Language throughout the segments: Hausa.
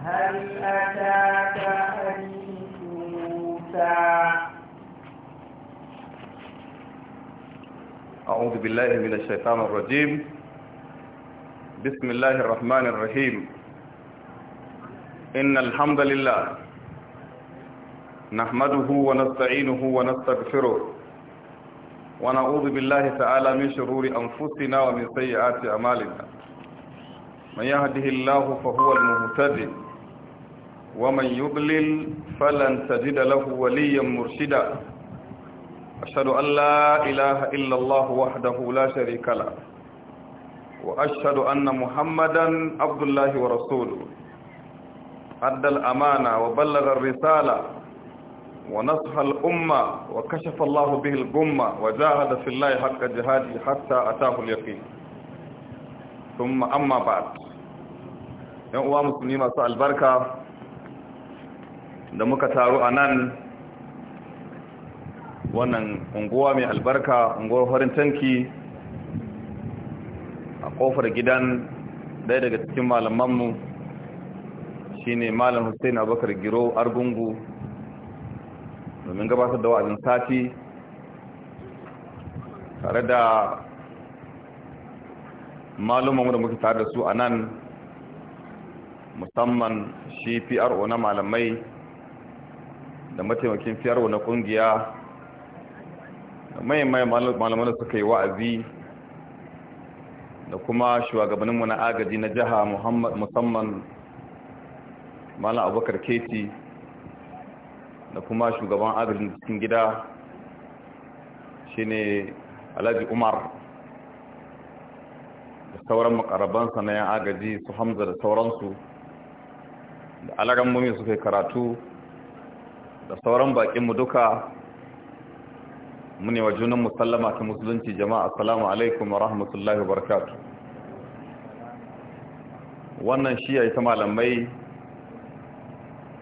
هل أتاك حديث موسى أعوذ بالله من الشيطان الرجيم بسم الله الرحمن الرحيم إن الحمد لله نحمده ونستعينه ونستغفره ونعوذ بالله تعالى من شرور أنفسنا ومن سيئات أمالنا من يهده الله فهو المهتد ومن يضلل فلن تجد له وليا مرشدا أشهد أن لا إله إلا الله وحده لا شريك له وأشهد أن محمدا عبد الله ورسوله أدى الأمانة وبلغ الرسالة ونصح الأمة وكشف الله به الغمة وجاهد في الله حق جهاده حتى أتاه اليقين ثم أما بعد yan uwa musulmi masu albarka da muka taru a nan wannan unguwa mai albarka unguwar farin tanki a kofar gidan daya daga cikin malamanmu shine malam hussein abubakar giro argungu domin gabatar da wa'azin sati tare da malumanmu da muka tare da su a nan musamman shi PRO na malamai da mataimakin PRO na kungiya da mai malamai suka yi wa'azi da kuma shugabanninmu na agaji na jiha musamman malam abubakar keti da kuma shugaban agajin cikin gida shine alhaji umar da sauran makarabansa na yan agaji su hamza da sauransu da alarambomi su kai karatu da sauran bakinmu duka mune wa junan musallama ta musulunci jama'a assalamu alaikum wa rahmatullahi wa wannan shi ya yi ta malamai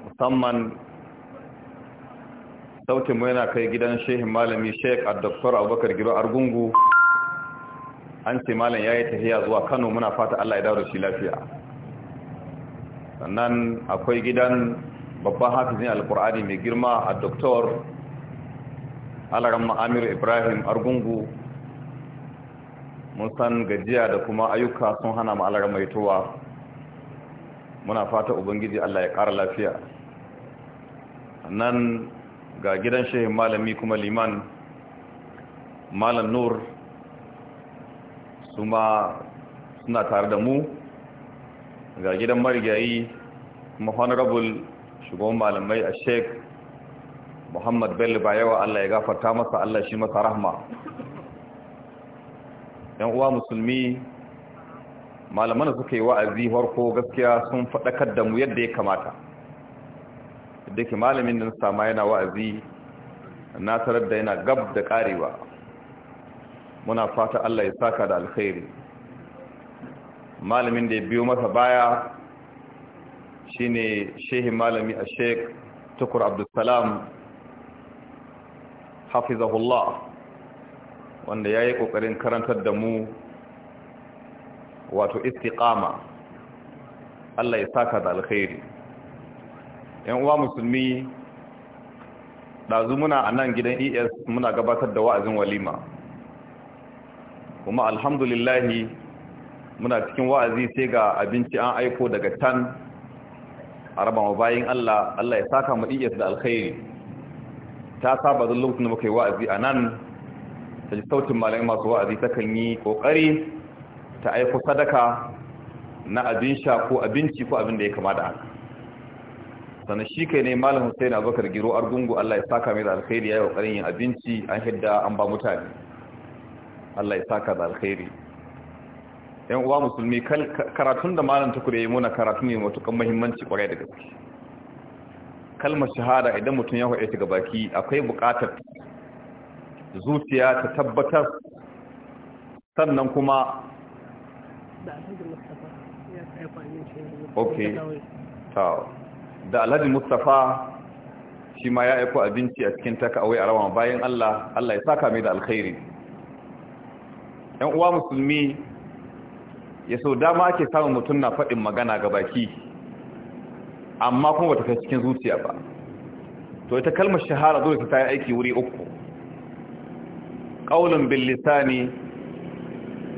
musamman sautinmu yana kai gidan shehin malami sheik a abubakar giro argungu an ce malam ya yi tafiya zuwa kano muna fata allah ya dawo da shi lafiya sannan akwai gidan babban hafizin alkur'ani mai girma a doktor alaran ma'amir ibrahim argungu mun san gajiya da kuma ayyuka sun hana ma'alar mai towa muna fata ubangiji allah ya kara lafiya nan ga gidan shehin malami kuma liman malam nur su ma suna tare da mu ga gidan marigayi kuma honorable shugaban malamai a sheik muhammad bello yawa allah ya gafarta masa allah shi masa rahma yan uwa musulmi malaman da suka yi wa'azi harko gaskiya sun faɗakar da mu yadda ya kamata da ke malamin da sama yana wa'azi na tarar da yana gab da ƙarewa muna fata allah ya saka da alkhairi malamin da ya biyo masa baya shine shehin malami a sheik tukur abdulsalam hafizahullah wanda ya yi ƙoƙarin karantar da mu wato istiƙama Allah ya saka da alkhairi ‘yan uwa musulmi ɗazu muna a nan gidan es muna gabatar da wa'azin walima kuma alhamdulillahi muna cikin wa'azi sai ga abinci an aiko daga tan a raba mu bayan Allah Allah ya saka mu iya da alkhairi ta saba zan lokacin da muka yi wa'azi a nan ta ji sautin malayin masu wa'azi ta kan yi kokari ta aiko sadaka na abin sha ko abinci ko abin da ya kama da haka sannan shi kai ne malam Hussein Abubakar Giro Argungu Allah ya saka mai da alkhairi ya yi ƙoƙarin yin abinci an hidda an ba mutane Allah ya saka da alkhairi yan uwa musulmi karatun da malam ya yi muna karatu ne matukan muhimmanci kwarai da gaske kalmar shahada idan mutum ya haɗe ga baki akwai buƙatar zuciya ta tabbatar sannan kuma da alhaji mustapha shi ma ya aiko abinci a cikin taka takawai a rawan bayan allah allah ya saka mai da alkhairi yan uwa musulmi ya so dama ake samun mutum na faɗin magana ga baki amma kuma ba ta kai cikin zuciya ba to ita kalmar shahara dole ta yi aiki wuri uku qaulun bil lisani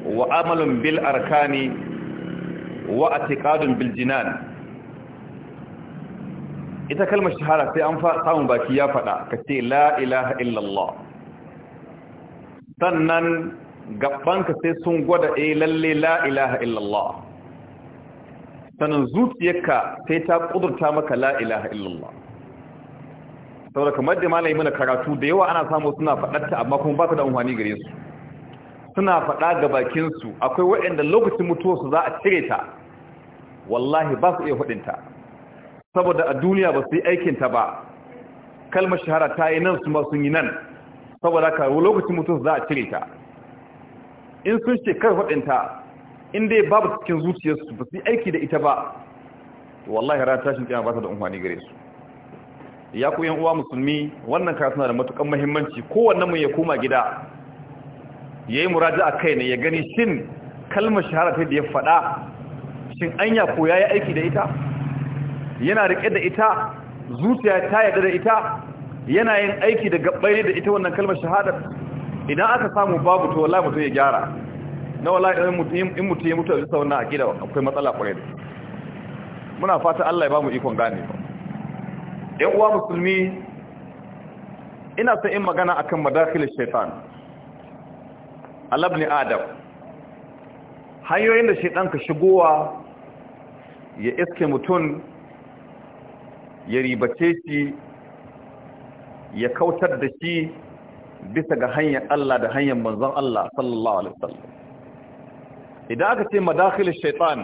wa amalin bil arkani wa i'tiqadun bil jinan ita kalmar shahara sai an samun baki ya faɗa kace la ilaha illallah sannan gabanka sai sun gwada a eh, lalle la ilaha illallah sanan zuciyarka sai ta kudurta maka la ilaha illallah saboda kamar da malami mana karatu da yawa ana samu suna faɗarta amma kuma ba ta da amfani gare su suna faɗa ga bakinsu, akwai waɗanda lokacin mutuwarsu za a cire ta wallahi ba su iya faɗin saboda a duniya ba su yi aikinta ba kalmar shahara ta yi nan su ma yi nan saboda ka lokacin mutuwarsu za a cire ta in sun ce kar faɗinta in dai babu cikin zuciyarsu ba su yi aiki da ita ba to wallahi ran tashin kiyama ba ta da umfani gare su ya ku yan uwa musulmi wannan karatu na da matukan muhimmanci kowanne mu ya koma gida yayi a kai ne ya gani shin kalmar shahara ta da ya faɗa shin anya ko yi aiki da ita yana rike da ita zuciya ta yarda da ita yana yin aiki da gabbai da ita wannan kalmar shahada idan aka samu babu to wallahi mutum ya gyara na wallahi in mutum ya mutu a bisa wannan akida akwai matsala kwarai muna fata Allah ya ba mu ikon gane ba yan uwa musulmi ina son in magana akan madakhilish shaitan alabni adam hanyoyin da shaitan ka shigowa ya iske mutum ya ribace shi ya kautar da shi bisa ga hanyar Allah da hanyar manzon Allah sallallahu alaihi wasallam idan aka ce madakhilish shaitan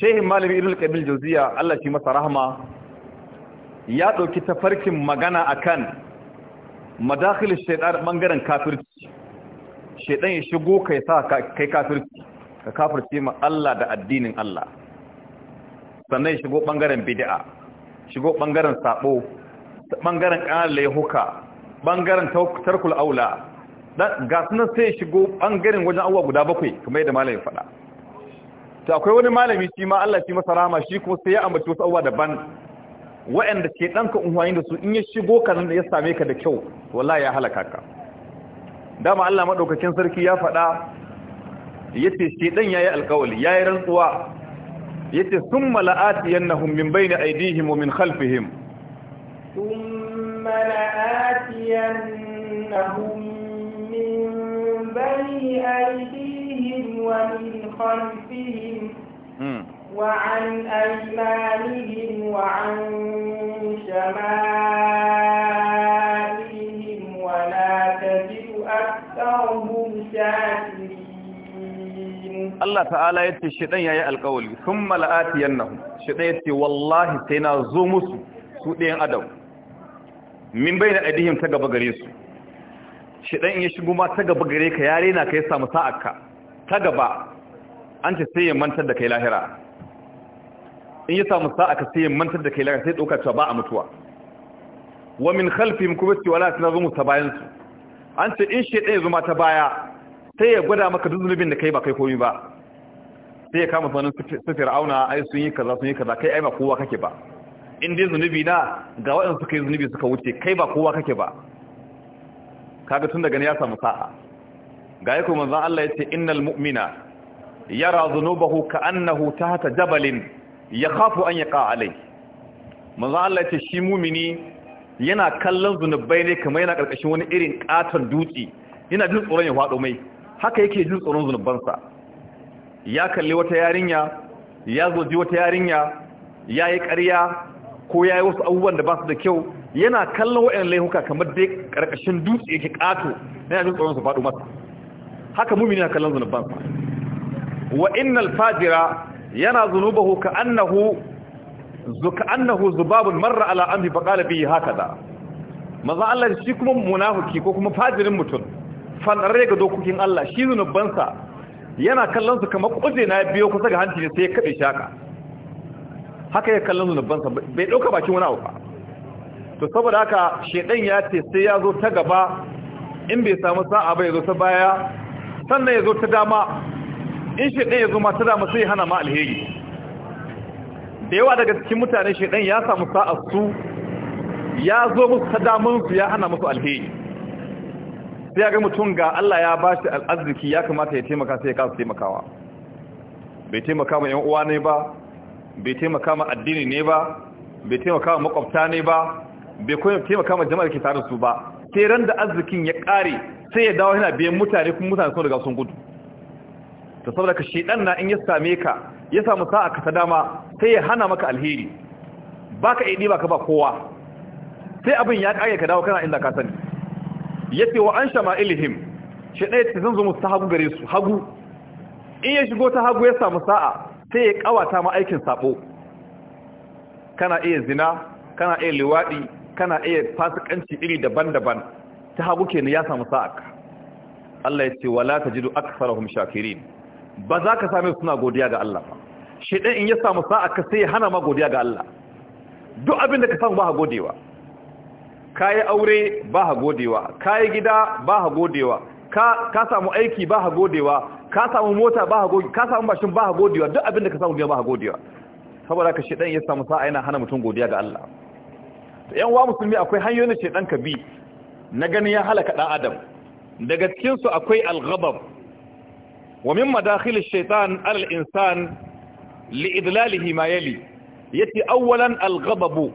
shehin malami ibn al-qabil Allah shi masa rahma ya dauki tafarkin magana akan madakhilish shaitan bangaren kafirci shaitan ya shigo kai sa kai kafirci ka kafirce ma Allah da addinin Allah sannan shigo bangaren bid'a shigo bangaren sabo bangaren ƙananan laihuka bangaren tarkul aula ga sunan sai shigo bangaren wajen abubuwa guda bakwai kamar yadda malami faɗa ta akwai wani malami shi ma Allah shi masa rama shi kuma sai ya ambaci wasu abubuwa daban waɗanda ke ɗanka unhwani da su in ya shigo ka nan ya same ka da kyau wala ya halaka ka dama Allah maɗaukacin sarki ya faɗa ya yi yayi ya yayi rantsuwa yace summa la'atiyannahum min bayni aydihim wa min khalfihim summa لنرينهم من بين أيديهم ومن خلفهم وعن أيمانهم وعن شمائلهم ولا تجد أكثرهم شاكرين الله تعالى يتي شيطان يا القول ثم لآتينهم شيطان يتي والله سينا زومس سودين أدو min bai na aidihim ta gaba gare su Shiɗan in ya shigo ma ta gaba gare ka yare na ka ya samu ka. ta gaba an ce sai ya mantar da kai lahira in ya samu ka sai ya mantar da kai lahira sai ɗauka cewa ba a mutuwa wa min khalfihim kuma ce wala suna zumu ta bayan su an ce in shidan ya zuma ta baya sai ya gwada maka duk zunubin da kai ba kai komi ba sai ya kama sanin su fir'auna ai sun yi kaza sun yi kaza kai ai ba kowa kake ba in dai zunubi na ga waɗanda suka yi zunubi suka wuce kai ba kowa kake ba kaga tun daga ne ya samu sa'a ga kuma zan Allah yace innal mu'mina yara zunubahu ta hata jabalin ya kafu an ya alai manzon Allah yace shi mu'mini yana kallon zunubai ne kamar yana ƙarƙashin wani irin ƙaton dutse yana jin tsoron ya haɗo mai haka yake jin tsoron zunubansa ya kalli wata yarinya ya zoji wata yarinya ya yi ƙarya ko ya yi wasu abubuwan da ba su da kyau yana kallon wa'yan laihuka kamar dai ƙarƙashin dutse yake ƙato na yanzu tsoron su faɗo masa haka mummi na kallon zunubansa wa innal fajira yana zunubahu ka annahu zuka annahu zubabun marra ala amhi baƙala biyu haka hakaza maza Allah shi kuma munafiki ko kuma fajirin mutum fanare ga dokokin Allah shi zunubansa yana kallon su kamar kuje na biyo kusa ga hanci ne sai ya kabe shaka haka ya kallon zunubansa bai ɗauka bakin wani abu ba to saboda haka shaidan ya ce sai ya zo ta gaba in bai samu sa'a ba ya zo ta baya sannan ya zo ta dama in shaidan ya zo ma ta dama sai hana ma alheri da yawa daga cikin mutane shaidan ya samu sa'a su ya zo musu ta damun su ya hana musu alheri sai ya ga mutum ga Allah ya bashi al'azziki ya kamata ya taimaka sai ya kasa taimakawa bai taimaka ma yan uwa ne ba bai taimaka ma addini ne ba bai taimaka ma makwabta ne ba bai kuma taimaka ma jama'ar ke tare su ba sai ran da arzikin ya kare sai ya dawo yana biyan mutane kuma mutane sun daga sun gudu to saboda ka shedan na in ya same ka ya samu sa'a ka ta dama sai ya hana maka alheri baka idi baka ba kowa sai abin ya kare ka dawo kana inda ka sani yace wa an ilhim shedan ya tsanzo musu hagu gare su hagu in ya shigo ta hagu ya samu sa'a sai ya kawata ma aikin sabo kana iya zina kana iya liwaɗi kana iya fasikanci iri daban-daban ta hagu ni ya samu sa'aka Allah ya ce wala tajidu aktharahum shakirin ba za ka same suna godiya ga Allah ba shedan in ya samu sa'aka sai ya hana ma godiya ga Allah duk abin da ka samu ba ha godewa kayi aure ba ha godewa kayi gida ba ha godewa ka samu aiki ba ha godewa ka samu mota ba ha ka samu mashin ba ha duk abin da ka samu ba ha saboda ka shedan ya samu sa'a yana hana mutum godiya ga Allah to yan wa musulmi akwai hanyoyin da shedan ka bi na ganin ya halaka dan adam daga cikin su akwai al-ghadab wa min madakhil ash-shaytan al-insan li idlalihi ma yali yace awwalan al-ghadab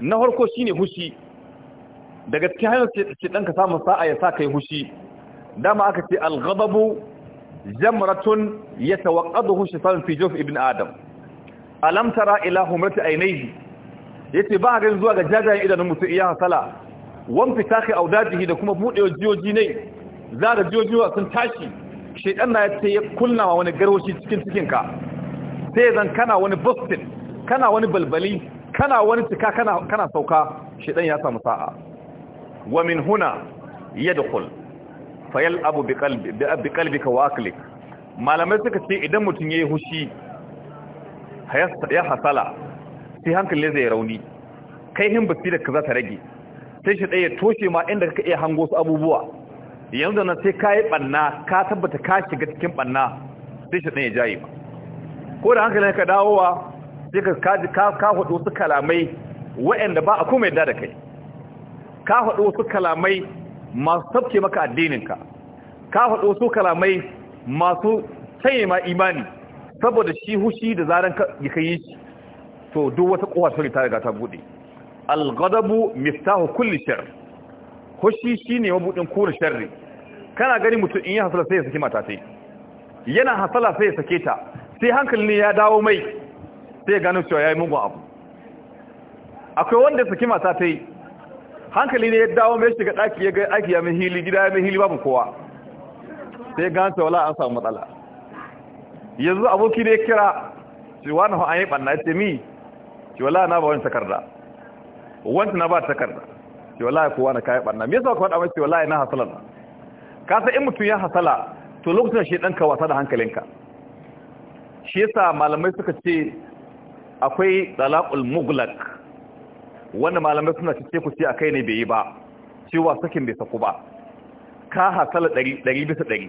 na farko shine hushi daga cikin hanyoyin shedan ka samu sa'a ya sa yi hushi dama aka ce al-ghadabu jamratun yatawaqqaduhu shaytan fi jawf ibn adam alam tara ila humrati aynayhi yace ba ga zuwa ga jajayen idanun mutu iya hasala wan fitaki audajihi da kuma budewa jiyoji ne za da jiyojiwa sun tashi shaytan na yace ya kullawa wani garwashi cikin cikin ka sai zan kana wani bustin kana wani balbali kana wani cika kana kana sauka shaytan ya samu sa'a wa min huna yadkhul fayal abu bi kalbi ka aklik malamai suka ce idan mutum yayi hushi ya hasala sai hankali zai rauni kai hin basirar ka za ta rage sai shi ɗaya toshe ma inda kaka iya hango su abubuwa yanzu na sai ka yi ɓanna ka tabbata ka shiga cikin ɓanna sai shi ɗaya jayi ba ko da hankali ka dawowa sai ka ka hudu su kalamai waɗanda ba a kuma yadda da kai ka hudu su kalamai masu tafke maka addininka ka faɗo su kalamai masu sanya ma imani saboda shi hushi da zaren ya kai shi to duk wata sauri ta riga ta buɗe. al miftahu kulli shar hushi shine mabudin kulli sharri kana gani mutum in yi hasala sai ya saki mata sai yana hasala sai ya sake ta sai hankali ne ya dawo mai sai ya gano cewa ya yi mugun abu akwai wanda ya saki mata sai hankali ne ya dawo mai shiga ɗaki ya ga aiki ya mahili, gida ya mahili babu kowa sai ganta wala an samu matsala yanzu aboki ne ya kira shi wani hau an yi ɓanna ce mi shi wala na ba wani takarda wani na ba takarda shi wala ya kowa na kayan ɓanna me yasa ku faɗa mai shi wala na hasala na ka san in mutum ya hasala to lokacin shi ɗanka wasa da hankalinka shi yasa malamai suka ce akwai dalakul muglak wanda malamai suna cike ku ce a kai ne bai yi ba cewa sakin bai saku ba ka hasala ɗari bisa ɗari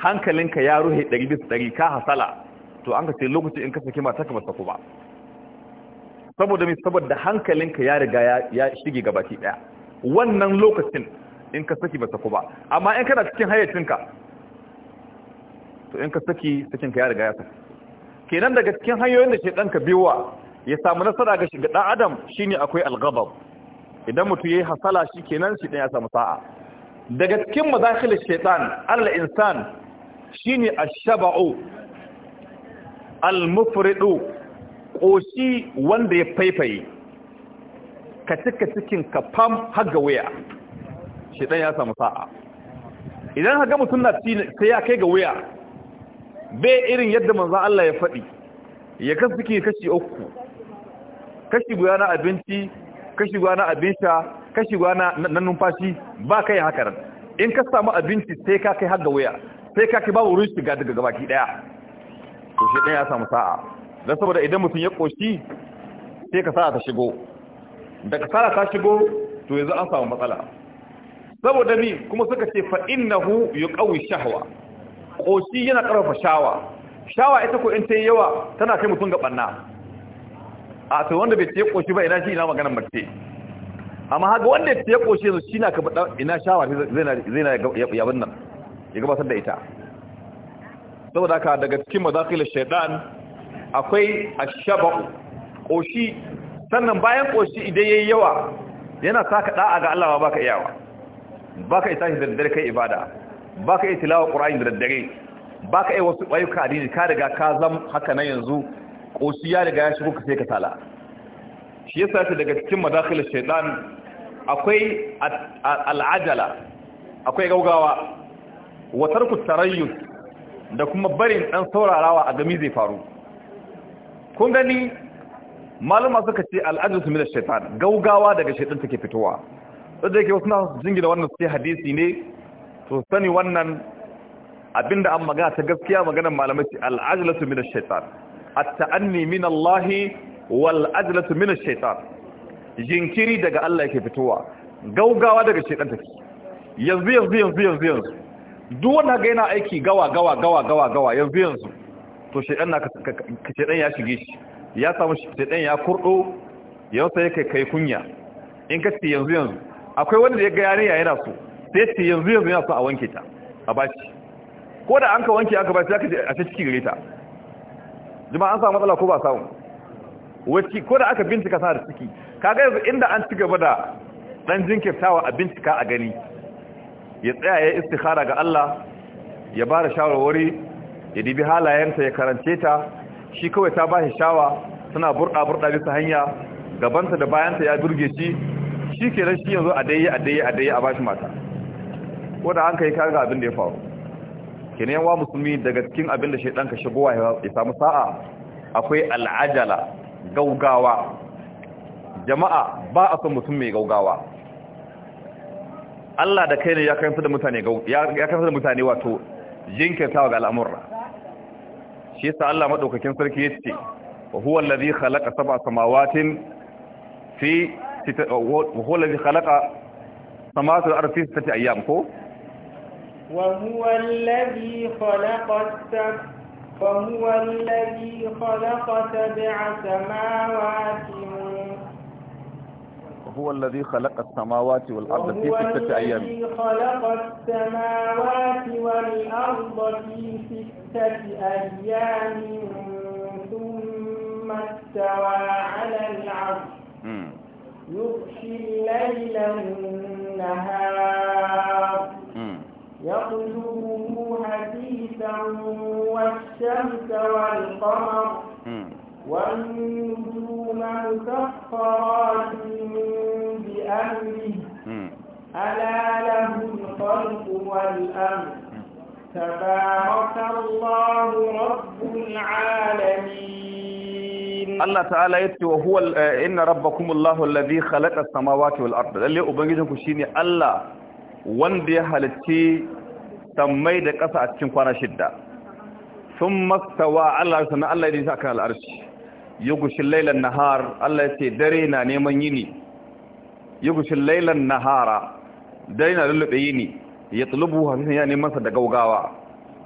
hankalinka ya ruhe ɗari bisa ɗari ka hasala to an ka ce lokaci in ka saki mata ka ba saku ba saboda mai saboda hankalinka ya riga ya shige gabaki ɗaya wannan lokacin in ka saki ba saku ba amma in kana cikin hayyacinka to in ka saki sakinka ya riga ya saki kenan daga cikin hanyoyin da ke ɗanka biyowa ya samu nasara ga shiga ɗan adam shine akwai algabab idan mutum yayi hasala shikenan shi dan ya samu sa'a daga cikin mazakhil shaitan allah insan shine ashaba'u almufridu ƙoshi wanda ya faifaye ka cika cikin ka fam har ga shi ya samu sa'a idan haga mutum na sai ya kai ga waya bai irin yadda manzan Allah ya faɗi ya kasu kashi uku kashi guya na abinci kashi guya na abin sha kashi guya na numfashi ba kai haka nan in ka samu abinci sai ka kai har waya sai ka kai babu wurin shiga daga gabaki daya to shi ɗaya ya samu sa'a don saboda idan mutum ya koshi sai ka sa'a ta shigo da ka sa'a ta shigo to yanzu an samu matsala saboda ni kuma suka ce fa innahu yuqawi shahwa koshi yana karfafa shawa shawa ita ko in ta yawa tana kai mutum ga banna a to wanda bai tiye shi ba ina shi ina maganar mace amma haka wanda ya tiye shi yanzu shi na ka faɗa ina shawar zai na yabin nan ya gabatar da ita saboda ka daga cikin mazaƙila shaidan akwai shaba ƙoshi sannan bayan ƙoshi idan ya yi yawa yana ka ɗa'a ga Allah ba baka iyawa ka isa shi da daddare kai ibada Ba ka iya tilawa ƙura'in da daddare Ba ka iya wasu ayyuka addini ka daga ka zama haka na yanzu ƙoshi ya riga ya shigo ka sai ka tala shi yasa shi daga cikin madakhilar shaitan akwai al'ajala akwai gaugawa wa tarku tarayyus da kuma barin dan saurarawa a gami zai faru kun gani malama suka ce al'ajisu su mila shaytan gaugawa daga shaytan take fitowa sai yake wasu na jingina wannan sai hadisi ne to sani wannan abinda an magana ta gaskiya maganar malamai ce al'ajisu su mila shaytan at-ta'anni min Allah wal ajlatu min ash-shaytan jinkiri daga Allah yake fitowa gaugawa daga shaytan take yanzu yanzu yanzu yanzu yanzu duk wanda ga yana aiki gawa gawa gawa gawa gawa yanzu yanzu to shaytan na shaytan ya shige shi ya samu shaytan ya kurdo yau sai kai kai kunya in ka ce yanzu yanzu akwai wanda ya ga ya yana so sai ce yanzu yanzu yana so a wanke ta a bashi ko da an ka wanke aka bashi zaka je a ciki gare ta jama'a an samu matsala ko ba samu wacce ko da aka bincika sa da ciki kaga yanzu inda an ci gaba da dan jinkirtawa a bincika a gani ya tsaya ya istikhara ga Allah ya ba da shawarwari ya dibi halayensa ya karance ta shi kawai ta ba shi shawa suna burda burda bisa hanya gabanta da bayanta ya burge shi shi kenan shi yanzu a dai a dai a dai a bashi mata ko da an kai kaga abin da ya faru kene yawa musulmi daga cikin abin da shaidan ka shigowa ya samu sa'a akwai al'ajala gaugawa jama'a ba a son mutum mai gaugawa Allah da kai ne ya kai da mutane ya kai da mutane wato jinkirtawa ga al'amura shi yasa Allah madaukakin sarki yace wa huwa allazi khalaqa sab'a samawatin fi wa huwa allazi khalaqa samawati wal ardi fi sittati ayyam ko وهو الذي خلق السب فهو الذي خلق سبع سماوات هو الذي خلق السماوات والأرض في ستة أيام هو الذي خلق السماوات والأرض في ستة أيام ثم استوى على العرش يغشي الليل النهار يقلبه حديثا والشمس والقمر والنجوم مسخرات بأمره ألا له الخلق والأمر تبارك الله رب العالمين الله تعالى يتي وهو إن ربكم الله الذي خلق السماوات والأرض للي أبنجنكم شيني الله wanda ya halitti sammai da ƙasa a cikin kwana shidda sun mastawa Allah ya sanar Allah ya nisa kan al'arshi ya gushin lailan nahar Allah ya ce dare na neman yini ya gushin lailan nahara dare na lullube yini ya tulubu hafifin ya neman da gaugawa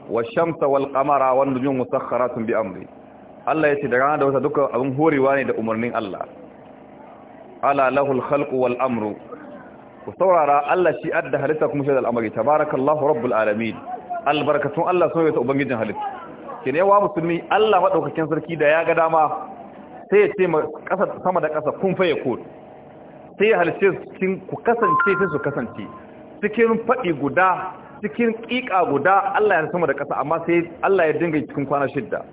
wa shamsa wal wanda wan musakhara sun bi amri Allah ya ce da rana da wata duka abin horewa ne da umarnin Allah ala lahul khalqu wal amru ku saurara Allah shi adda halitta kuma shi da al'amari tabarakallahu rabbul alamin albarkatun Allah sun yi ta ubangijin halitta ke ne wa musulmi Allah madaukakin sarki da ya ga dama sai ya ce kasa sama da kasa kun faye ko sai ya halice cikin ku kasance sai su kasance cikin fadi guda cikin kika guda Allah ya sama da kasa amma sai Allah ya dinga cikin kwana shidda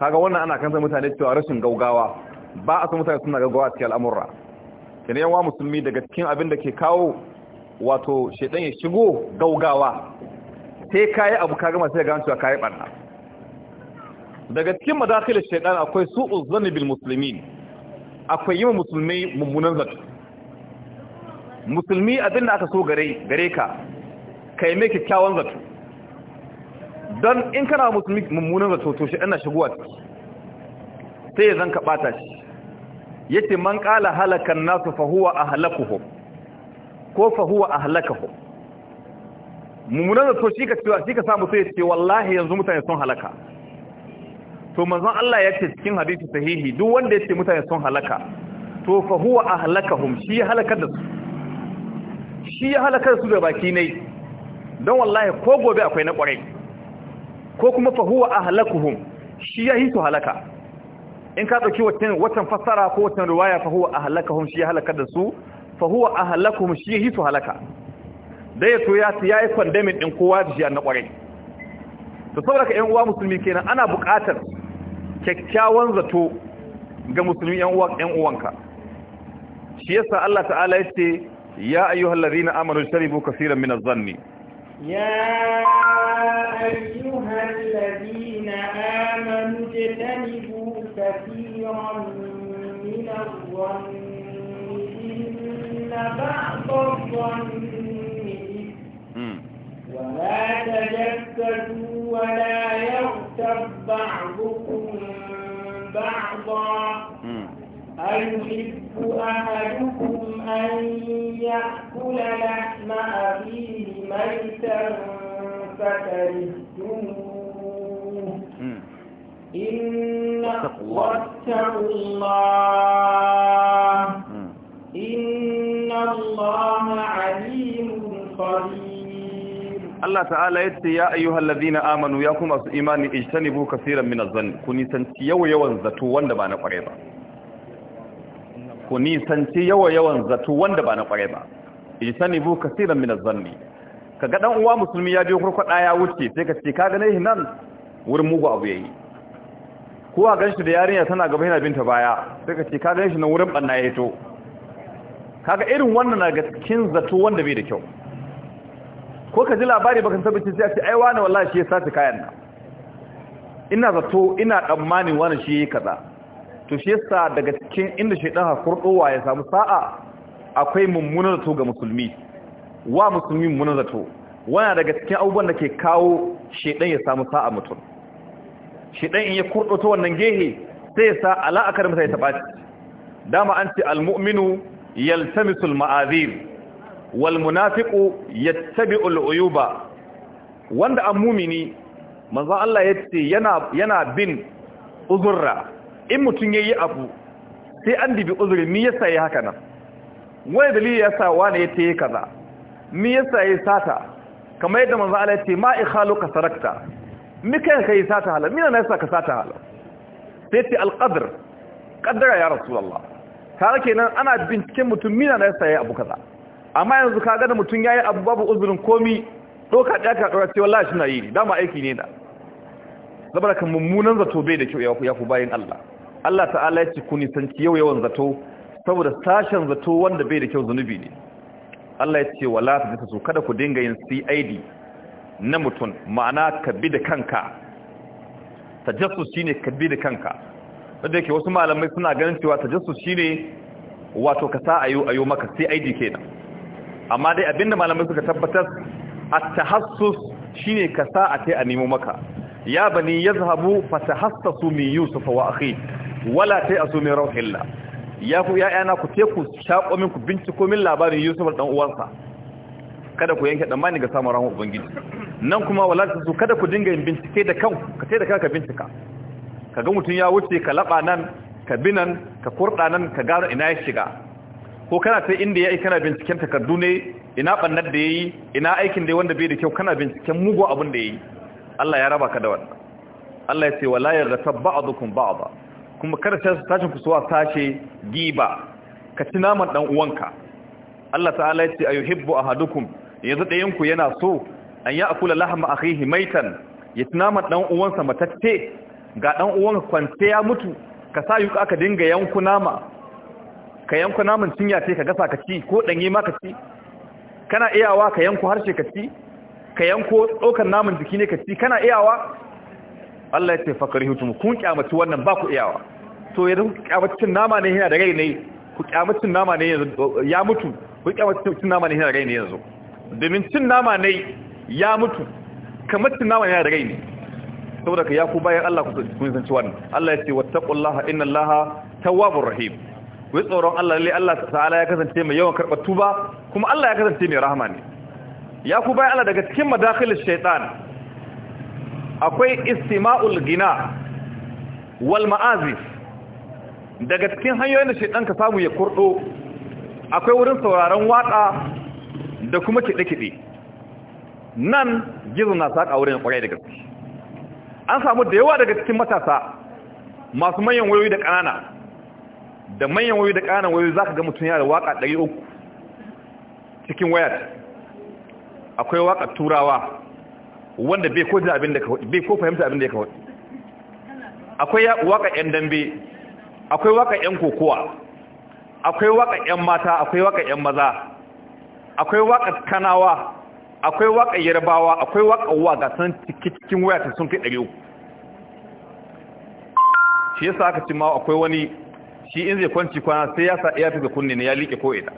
kaga wannan ana kansa mutane cewa rashin gaugawa ba a san mutane suna gaugawa cikin al'amura kenan yawa musulmi daga cikin abin da ke kawo wato shedan ya shigo gaugawa sai kayi abu ka gama sai gano cewa kayi barna daga cikin madakilin shedan akwai su'u zanni bil muslimin akwai yima musulmi mummunan zato musulmi abin da aka so gare gare ka kai mai kyakkyawan zato don in kana musulmi mummunan zato to shedan na shigowa sai ya zanka bata shi yace man qala halakan nasu fa huwa ahlakuhum ko fa huwa ahlakuhum da to shi ka cewa shi ka samu sai yace wallahi yanzu mutane sun halaka to manzon Allah ya ce cikin hadisi sahihi duk wanda yace mutane sun halaka to fa huwa ahlakahum shi ya halakar da su shi ya halakar da su da baki ne don wallahi ko gobe akwai na kwarai ko kuma fa huwa ahlakuhum shi ya hisu halaka in ka dauki watan watan fassara ko watan riwaya fa huwa ahlakahum shi halaka da su fa huwa ahlakuhum shi hisu halaka da ya ya ya yi pandemic ɗin kowa da jiya na ƙwarai to saboda ka 'yan uwa musulmi kenan ana buƙatar kyakkyawan zato ga musulmi 'yan uwanka shi yasa Allah ta'ala ya ce ya ayyuhallazina amanu sharibu kaseeran min adh-dhanni يا أيها الذين آمنوا اجتنبوا كثيرا من الظن إن بعض الظن ولا تجسدوا ولا يغتب بعضكم بعضا أيحب أحدكم أن يأكل لحم واتقوا الله إن الله عليم خبير الله تعالى يتي يا أيها الذين آمنوا ياكم إيمان اجتنبوا كثيرا من الظن كوني سنتي يو يوان ذاتو واندبانا قريبا كوني سنتي يو يوان ذاتو واندبانا قريبا اجتنبوا كثيرا من الظن ka ga dan uwa musulmi ya biyo kurkwada ya wuce sai ka ce ka ga nahi nan wurin mugu abu yayi ko a ganshi da yarinya tana gaba yana binta baya sai ka ce ka ganshi nan wurin banna ya Ka kaga irin wannan na cikin zato wanda bai da kyau ko ka ji labari baka tabbata sai a ce ai wani wallahi shi ya sace kayan nan ina zato ina tsammanin wani shi yayi kaza to shi yasa daga cikin inda shaydan hakurdowa ya samu sa'a akwai mummunar zato ga musulmi wa musulmi muna zato wana daga cikin abubuwan da ke kawo shedan ya samu sa'a mutum shedan in ya kurɗo ta wannan gehe sai ya sa ala'akar masa ya tabbaci dama an ce almu'minu yaltamisul ma'azir wal munafiqu yattabi'ul wanda an mumini manzo Allah ya ce yana yana bin uzurra in mutun yayi abu sai an dibi uzuri ya yasa yayi haka nan wani dalili yasa wani yace kaza mi yasa yi sata kamar yadda manzo Allah ya ce ma ka sarakta mi kai kai sata halal mina na yasa ka sata halal sai ce alqadr qaddara ya rasulullah kaga kenan ana binciken mutum mina na yasa yayi abu kaza amma yanzu kaga da mutum yayi abu babu uzurin komi doka da ka dora ce wallahi shi yi dama aiki ne da saboda kan mummunan zato bai da kyau ya ku bayin Allah Allah ta'ala ya ce ku nisanci yau yawan zato saboda sashen zato wanda bai da kyau zunubi ne Allah ya ce wala ta su kada ku dinga yin CID na mutum ma'ana ka bi da kanka shi ne ka bi da kanka wadda yake wasu malamai suna ganin cewa shi shine wato ka sa ayo ayo maka CID kenan amma dai abinda malamai suka tabbatar at-tahassus shine ka sa a tai a nemo maka ya bani ya zahabu yazhabu fatahassasu min yusuf wa akhi wala ta'asu min rauhillah ya ku ya'yana ku teku ku shaƙo min ku binciko min labarin yusuf dan uwansa kada ku yanke mani ga samun rahon ubangiji nan kuma wala su kada ku dinga yin bincike da kan ka sai da kanka bincika ka ga mutum ya wuce ka laɓa nan ka bi nan ka kurda nan ka gano ina ya shiga ko kana sai inda ya yi kana binciken takardu ne ina bannar da ya yi ina aikin da wanda bai da kyau kana binciken mugu abin da ya yi Allah ya raba ka da wannan Allah ya ce wala yarda ba'dukum ba'da kuma kada tashin kusuwa sashe giba ka ci naman dan uwanka Allah ta'ala ya ce ayuhibbu ahadukum yanzu dayan ku yana so an ya akula lahma akhihi maitan ya ci naman dan uwansa matacce ga dan uwanka kwance ya mutu ka sa yuka ka dinga yanku nama ka yanku naman cinya ce ka gasa ka ci ko danye ma ka ci kana iyawa ka yanku harshe ka ci ka yanku tsokan naman jiki ne ka ci kana iyawa Allah ya ce fakarihutum kun kyamaci wannan ba ku iyawa to yanzu ku kyamacin nama ne yana da rai ne ku kyamacin nama ne ya mutu ku kyamacin nama ne yana da rai ne yanzu domin cin nama ne ya mutu kamar cin nama ne yana da rai ne saboda ka ya ku bayan Allah ku kun san wannan Allah ya ce wattaqullaha innallaha tawwabur rahim wai tsoron Allah lalle Allah ta'ala ya kasance mai yawan karɓar tuba kuma Allah ya kasance mai rahama ne ya ku bayan Allah daga cikin madakhil shaytan akwai istima'ul gina wal ma'azif daga cikin hanyoyin da shi ɗanka samu ya kurɗo akwai wurin sauraron waƙa da kuma kiɗe-kiɗe nan gizo na saƙa wurin ƙwarai da gaske an samu da yawa daga cikin matasa masu manyan wayoyi da ƙanana da manyan wayoyi da ƙananan wayoyi za ka ga mutum yana da waƙa ɗari uku cikin wayar akwai waƙa turawa wanda bai ko abin da ka hudu bai ko fahimta abin da ya ka hudu akwai waka yan dambe akwai waka yan kokowa akwai waka yan mata akwai waka yan maza akwai waka kanawa akwai waka yarbawa akwai waka uwa ga san cikin waya ta sun kai ɗari uku shi yasa aka ma akwai wani shi in zai kwanci kwana sai ya sa iya ta kunne ne ya liƙe ko ita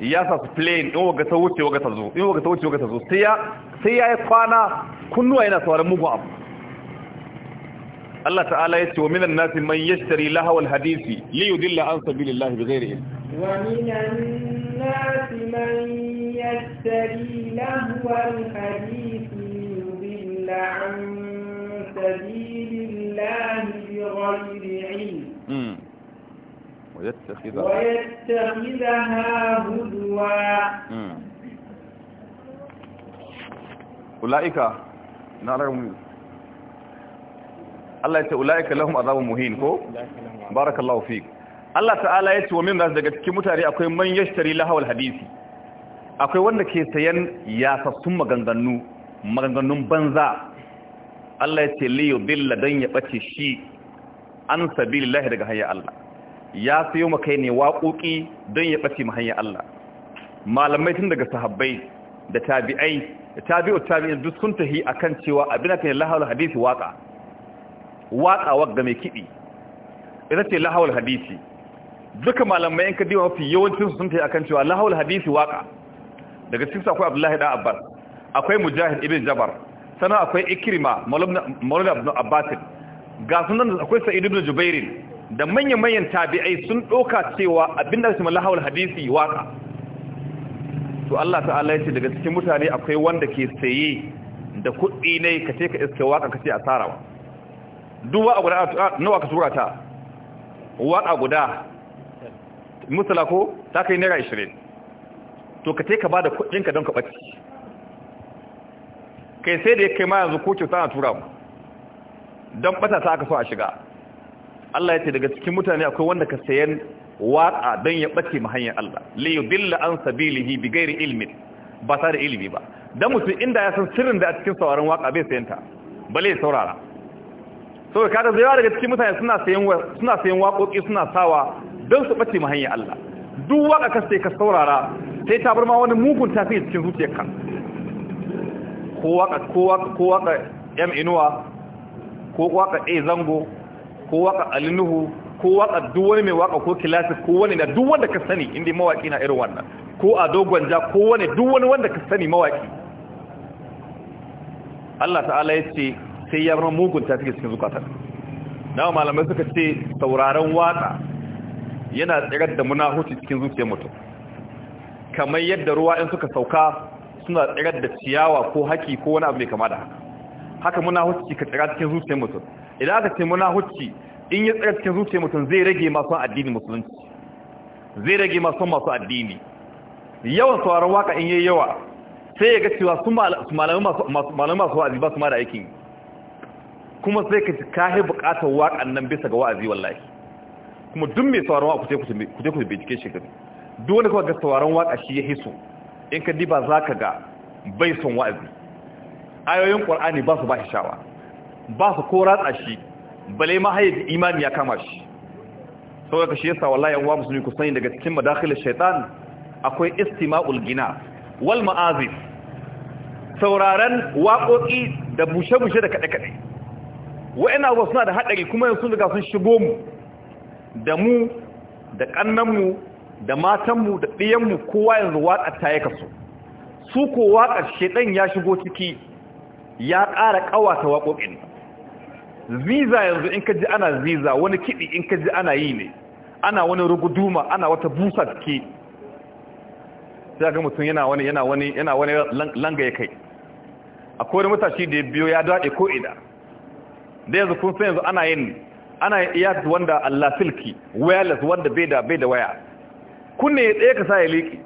ya sa su plane in waga ta wuce waga ta zo in waga ta wuce waga ta zo sai ya sai ya kwana kunnuwa yana sauraron mugun abu Allah ta'ala ya ce wa minan nasi man yashtari lahawa alhadisi li yudilla an sabilillahi bighairi ilm wa minan nasi man yashtari lahawa alhadisi yudilla an sabilillahi bighairi ilm ويتخذها هدوا أولئك نعلم Allah ya ce ulaika lahum azabun muhin ko barakallahu fik Allah ta'ala ya ce wa min nas daga cikin mutane akwai man yashtari lahawal hadisi akwai wanda ke sayan yasassun maganganu maganganun banza Allah ya ce li yudilla dan ya bace shi an sabilillahi daga hayya Allah ya sayo makai ne waƙoƙi don ya ɓace mahanya Allah malamai tun daga sahabbai da tabi'ai da tabi'u tabi'in duk sun tahi akan cewa abin da kai lahawul hadisi waƙa waƙa wagga mai kiɗi ita ce lahawul hadisi duka malamai in ka diwa mafi yawancin sun tahi akan cewa lahawul hadisi waƙa daga cikin akwai Abdullahi da Abbas akwai Mujahid ibn Jabar sana akwai Ikrima maulana Abdul Abbas ga sunan akwai Sa'id ibn Jubairin da manya-manyan tabi'ai sun ɗoka cewa abin da su malahawar hadisi waka to Allah ta'ala ya ce daga cikin mutane akwai wanda ke saye da kuɗi ne ka ce ka iske waka ka ce a tsarawa duwa a guda nawa ka tura ta waka guda musula ko ta kai naira 20 to ka ce ka ba da kuɗinka don ka ɓace. kai sai da ya kai ma yanzu ko kyauta na tura mu don ɓata ta aka so a shiga Allah ya ce daga cikin mutane akwai wanda ka sayan waƙa don ya ɓace ma hanyar Allah li dilla an sabilihi bi gairi ilmi ba tare ilimi ba dan mutum inda ya san sirrin da a cikin sauraron waƙa bai sayan ta bale ya saurara so ga zai daga cikin mutane suna sayan suna sayan waƙoƙi suna sawa don su ɓace ma hanyar Allah duk waƙa ka sai ka saurara sai ta bar ma wani mugun tafiya cikin zuciyarka ko waka ko waƙa ko waƙa yam inuwa ko waka a zango ko waka alinuhu ko waka duk wani mai waka ko kilasi ko wani da duk wanda ka sani inda mawaki na irin wannan ko a dogon ja ko wani duk wani wanda ka sani mawaki Allah ta'ala ya ce sai ya bar mugunta take cikin zukata nawa malamai suka ce sauraron waka yana tsirar da munahuci cikin zuciyar mutum kamar yadda ruwa in suka sauka suna tsirar da ciyawa ko haki ko wani abu mai kama da haka haka munahuci ka tsira cikin zuciyar mutum idan aka ce hucci in ya tsaya cikin zuciya mutum zai rage masu addini musulunci zai rage masu masu addini yawan sauran waka in yi yawa sai ya ga cewa su malamai masu wa'azi ba su ma da aikin kuma sai ka ci kahe bukatar wakan nan bisa ga wa'azi wallahi kuma duk mai sauran waka kuje kuje kuje bincike shi gani dole kuma ga sauran waka shi ya hiso in ka diba ka ga bai son wa'azi ayoyin ƙwar'ani ba su ba shi shawa ba su ko ratsa shi bale ma haifi imani ya kama shi sau da shi yasa wallahi yanwa musulmi ku sani daga cikin madakhilar shaitan akwai istima'ul gina wal ma'azif sauraren waƙoƙi da bushe-bushe da kaɗe-kaɗe wa'ina ba suna da haɗari kuma sun daga sun shigo mu da mu da ƙannanmu da matanmu da ɗiyanmu kowa yanzu waƙar ta ya kaso su ko waƙar shaitan ya shigo ciki ya ƙara ƙawata waƙoƙin ziza yanzu in ka ji ana ziza wani kiɗi in ka ji ana yi ne ana wani ruguduma ana wata busa ke sai ga mutum yana wani yana wani yana wani langa ya kai akwai wani mutashi da ya biyo ya daɗe ko ina da yanzu kun san yanzu ana yin ana iya wanda Allah silki wireless wanda bai da bai da waya kunne ya tsaye ka sa ya leke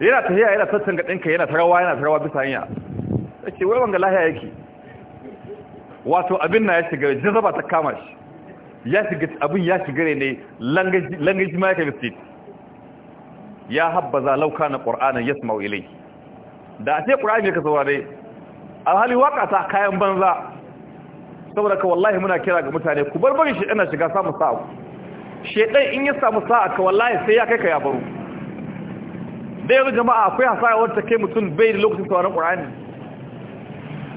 yana tafiya yana tattanga ɗinka yana tarawa yana tarawa bisa hanya sai ce wai wanga lahiya yake wato abin na ya shiga jazaba ta kama shi ya shiga abin ya shiga ne language michael state ya habbaza lauka na ƙor'anin ya samau ilai da a ce ƙor'ani ka saurare alhali waka ta kayan banza saboda ka wallahi muna kira ga mutane ku barbari shi ɗana shiga samu sa'a shaidan in ya samu sa'a ka wallahi sai ya kai ka ya baro da yanzu jama'a akwai hasara wadda kai mutum bai da lokacin sauraron ƙor'ani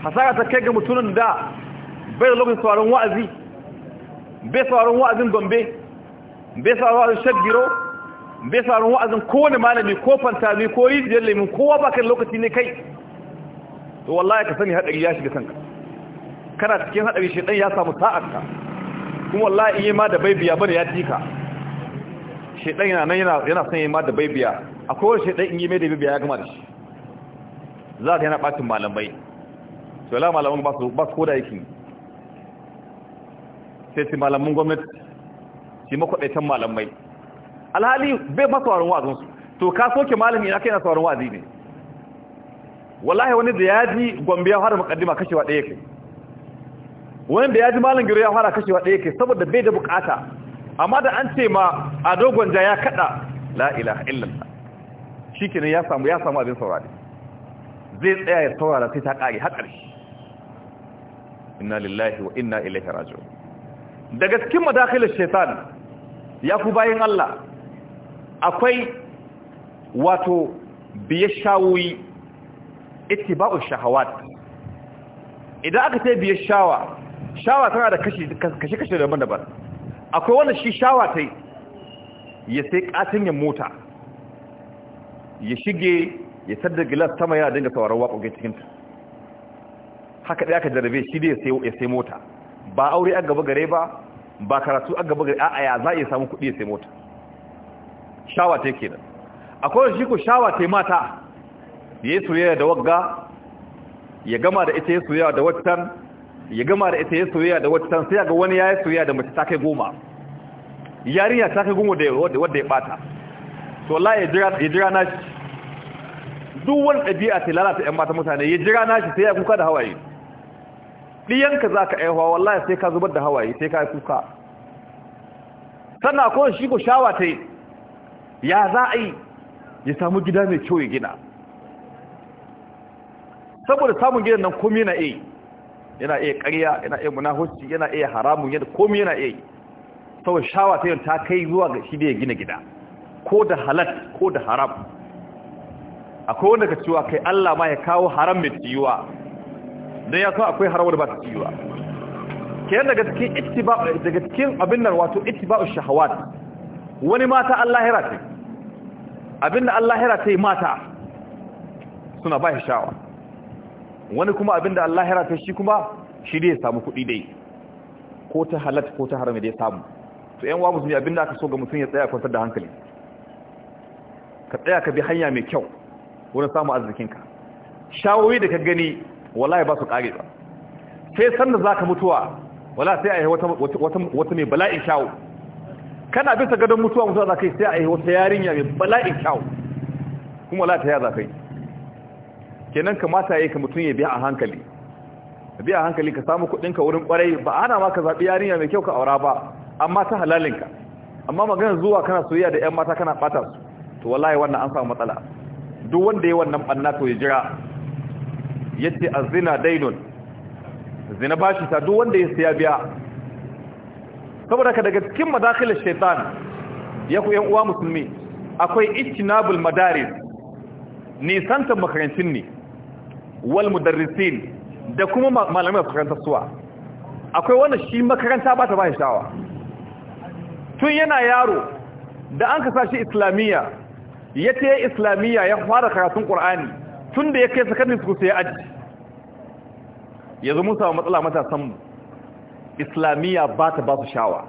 hasara ta kai ga mutumin da bai da lokacin sauran wa'azi bai sauran wa'azin gombe bai sauran wa'azin shaggiro bai sauran wa'azin kowane malami ko fantami ko rijiyar lemin kowa ba lokaci ne kai to wallahi ka sani haɗari ya shiga kanka kana cikin haɗari shaidan ya samu ta'arka kuma wallahi yi ma da baibiya bane ya tika Shaiɗan yana nan yana son yi ma da baibiya akwai wani shaiɗan in yi mai da baibiya ya gama da shi za ka yana ɓacin malamai to yala malaman ba su da yake sai su malamin gwamnati shi makwadaitan malamai alhali bai ma sauran wa'azinsu to ka soke malami na kai na sauran wa'azi ne wallahi wani da ya ji gombe ya fara kashe kashewa ɗaya kai wani da ya ji malam giro ya fara kashewa ɗaya kai saboda bai da bukata amma da an ce ma a dogon ja ya kaɗa, la ilaha illallah shikenan ya samu ya samu abin saurari zai tsaya ya saurara sai ta ƙage har ƙarshe inna lillahi wa inna ilaihi raji'un daga cikin madakilar shaitan ya fi bayan Allah akwai wato biye shawoyi ittiba'u shahawat idan aka ce biye shawa shawa tana da kashi kashi daban-daban akwai wanda shi shawa ta yi ya sai katin ya mota ya shige ya sadda gilas sama yana dinga sauraron waƙoƙin cikinta haka ɗaya ka jarabe shi da ya sai mota ba aure a gaba gare ba ba karatu a gaba gare a ya za a iya samun kuɗi ya sai mota shawa ta nan akwai shi ku shawa ta mata ya yi soyayya da wagga ya gama da ita ya soyayya da wattan ya gama da ita ya soyayya da wattan sai ga wani ya yi soyayya da mace ta kai goma yarinya ta kai goma wadda ya bata to la ya jira na shi duk wani ɗabi'a ta lalata 'yan mata mutane ya jira na shi sai ya kuka da hawaye ɗiyanka za ka aihuwa wallahi sai ka zubar da hawaye sai ka yi kuka sannan akwai shi ko shawa ta ya za a yi ya samu gida mai kyau ya gina saboda samun gidan nan komi na iya yana iya karya, yana iya munahusci yana iya haramun yadda komi yana iya saboda shawa ta yin ta kai zuwa ga shi da ya gina gida ko da halat ko da haram akwai wanda ka ciwa kai Allah ma ya kawo haram mai ciwa don ya san akwai harawar ba ta ciwa kenan daga cikin daga cikin abin nan wato ittiba'u shahawar wani mata Allah ya race abinda Allah ya race mata suna ba shi shawa wani kuma abinda Allah ya race shi kuma shi dai ya samu kuɗi dai ko ta halatta ko ta harami dai samu to ƴan wa musulmi abinda aka so ga mutum ya tsaya kwantar da hankali ka tsaya ka bi hanya mai kyau wurin samun arzikinka shawoyi da ka gani wallahi ba su kare ba sai sanda zaka mutuwa wala sai a yi wata wata mai bala'in shawo kana bisa gadon mutuwa mutuwa zaka yi sai a yi wata yarinya mai bala'in shawo kuma wallahi ta ya zaka yi kenan kamata yayi ka mutun ya biya a hankali biya a hankali ka samu kudin ka wurin kwarai ba ana ma ka zabi yarinya mai kyau ka aura ba amma ta halalin ka amma magana zuwa kana soyayya da ƴan mata kana fata su to wallahi wannan an samu matsala duk wanda ya wannan banna to ya jira yace azina dainun zina bashi ta duk wanda ya siya biya saboda ka daga cikin madakhilar shaitan ya ku yan uwa musulmi akwai ijtinabul madaris nisanta makarantun ne wal mudarrisin da kuma malamai makarantar suwa akwai wanda shi makaranta ba ta ba shawa tun yana yaro da an ka sashi islamiyya ya ce islamiyya ya fara karatun ƙur'ani tun da ya kai secondary su sai ya aji yanzu Musa wa matsala matasan islamiyya ba ta ba su shawa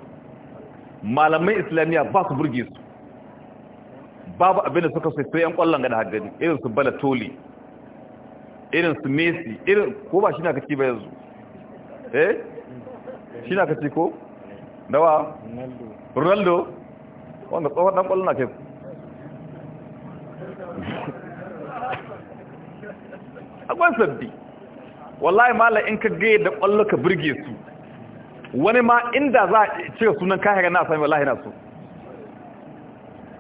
malamai islamiyya ba su burge su babu abin da suka sai yan kwallon gada hagani irin su Bala Toli, irin su messi irin ko ba shi na kaci ba yanzu eh shi na kaci ko dawa ronaldo wanda tsohon dan kwallon na kai akwai sabbi wallahi mala in ka ga da kwallo ka burge su wani ma inda za a cika sunan kahira na sami wallahi na so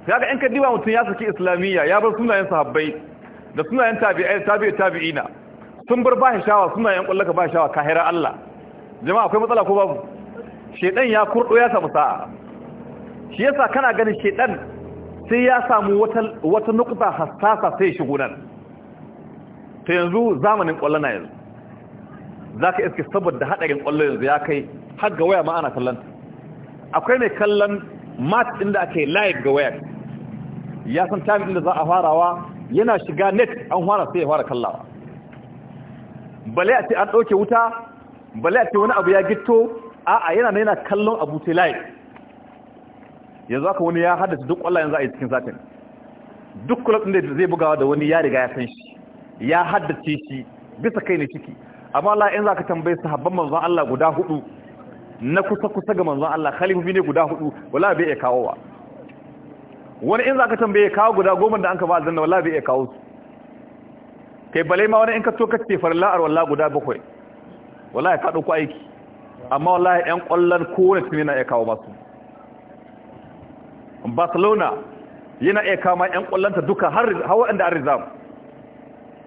kaga in ka diba mutum ya saki islamiyya ya bar sunayen sahabbai da sunayen tabi'ai tabi'i tabi'ina sun bar bashi shawa sunayen kwallo ka bashi shawa kahira Allah jama'a akwai matsala ko babu shedan ya kurdo ya samu sa'a shi yasa kana ganin shedan sai ya samu wata wata nukta hassasa sai shigo nan ta yanzu zamanin kwallo na yanzu za ka iske saboda haɗarin kwallo yanzu ya kai har ga waya ma ana kallon akwai mai kallon mat inda ake live ga wayar ya san time inda za a farawa yana shiga net an fara sai ya fara kallawa bale a ce an ɗauke wuta bale a ce wani abu ya gito a'a yana na yana kallon abu sai live yanzu aka wani ya haddace duk kwallon yanzu a yi cikin satin duk kulab ɗin da zai bugawa da wani ya riga ya san shi ya haddace shi bisa kai ne ciki amma Allah in zaka tambaye sahabban manzon Allah guda hudu na kusa kusa ga manzon Allah khalifofi ne guda hudu wallahi bai iya kawo wa wani in zaka tambaye kawo guda goma da an ka ba aljanna wallahi bai iya kawo su kai bale ma wani in ka to ka ce farlar wallahi guda bakwai wallahi ka dauko aiki amma wallahi ɗan ƙwallon kowane tuni na iya kawo masu barcelona yana iya kama 'yan ƙwallonta duka har waɗanda an rizam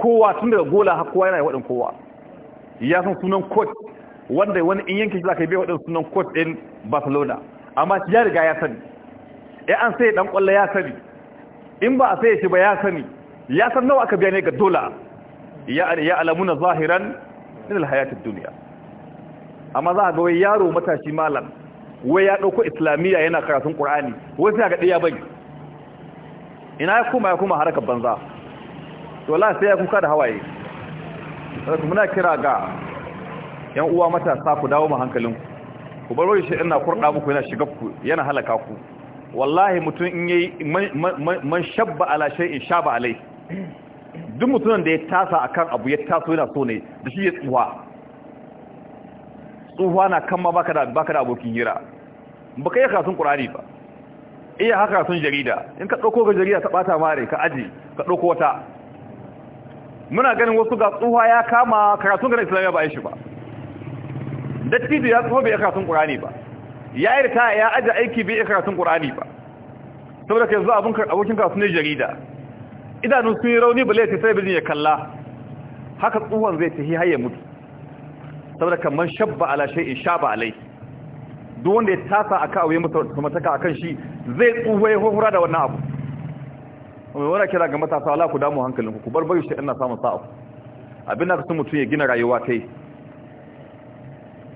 kowa tun daga gola har kowa yana yi waɗin kowa ya san sunan kot wanda wani in yanki za ka yi bai waɗin sunan kot ɗin barcelona amma ya riga ya sani ya an sai ɗan ƙwallo ya sani in ba a sai shi ba ya sani ya san nawa aka biya ne ga dola ya alamuna zahiran min alhayatin duniya amma za a ga wai yaro matashi malam wai ya ɗauko islamiyya yana karatun ƙur'ani wai sai ga ɗaya bai ina ya kuma ya kuma harakar banza to la sai ya kuka da hawaye saboda muna kira ga yan uwa matasa ku dawo mu hankalin ku baro shi ina kurda muku yana shiga ku yana halaka ku wallahi mutum in yayi man shabba ala in shaba alai duk mutumin da ya tasa akan abu ya taso yana so ne da shi ya tsuwa tsuwa na kama baka da baka da abokin hira baka yi karatun qur'ani ba iya haka sun jarida in ka dauko ga jarida ta bata mare ka aji ka dauko wata muna ganin wasu ga tsuha ya kama karatun ganin islamiyya ba ya shi ba dattijo ya tsuha bai karatun ƙurani ba ya yi ta ya aji aiki bai karatun ƙurani ba saboda ka yanzu abin abokin kasu ne jarida idanun sun yi rauni ba laifin sai bijin ya kalla haka tsuhon zai tafi har mutu saboda kamar shabba ala sha ba alai duk wanda ya tasa a kawai masa kuma taka akan shi zai tsohuwa ya hohura da wannan abu mai wani kira ga matasa ala ku damu hankalinku ku bar bayu shi ina samun sa'a abin da kasu mutum ya gina rayuwa ta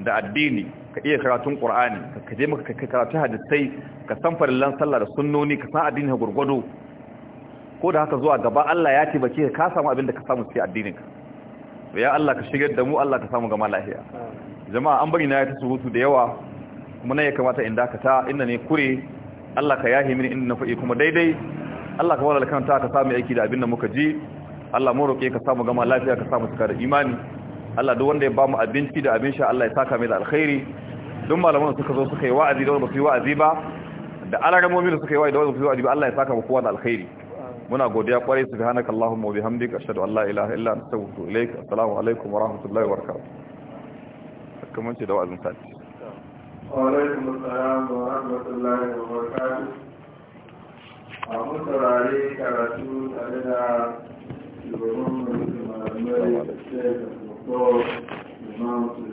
da addini ka iya karatun qur'ani ka je maka ka karatu hadisai ka san farillan sallah da sunnoni ka san addini ka gurgwado ko da haka zuwa gaba Allah ya ce baki ka samu abin da ka samu sai addininka to ya Allah ka shigar da mu Allah ka samu gama lahiya jama'a an bari na ya ta surutu da yawa kuma na ya kamata in dakata inda ne kure Allah ka yahi mini inda na faɗi kuma daidai Allah ka wala kanta ka samu aiki da abin da muka ji Allah mu roke ka samu gama lafiya ka samu suka da imani Allah duk wanda ya bamu abinci da abin sha Allah ya saka mai da alkhairi duk malaman suka zo suka yi wa'azi da wanda su yi wa'azi ba da alaramomin da suka yi wa'azi da wanda su yi wa'azi ba Allah ya saka mu kowa da alkhairi muna godiya kwarai subhanaka allahumma wa bihamdika ashhadu an la ilaha illa anta astaghfiruka wa atubu assalamu alaikum wa rahmatullahi wa barakatuh kamar ce da wa'azin sati wa alaikum assalam wa rahmatullahi wa barakatuh a mutarare karatu tare da shugaban malamai da shekaru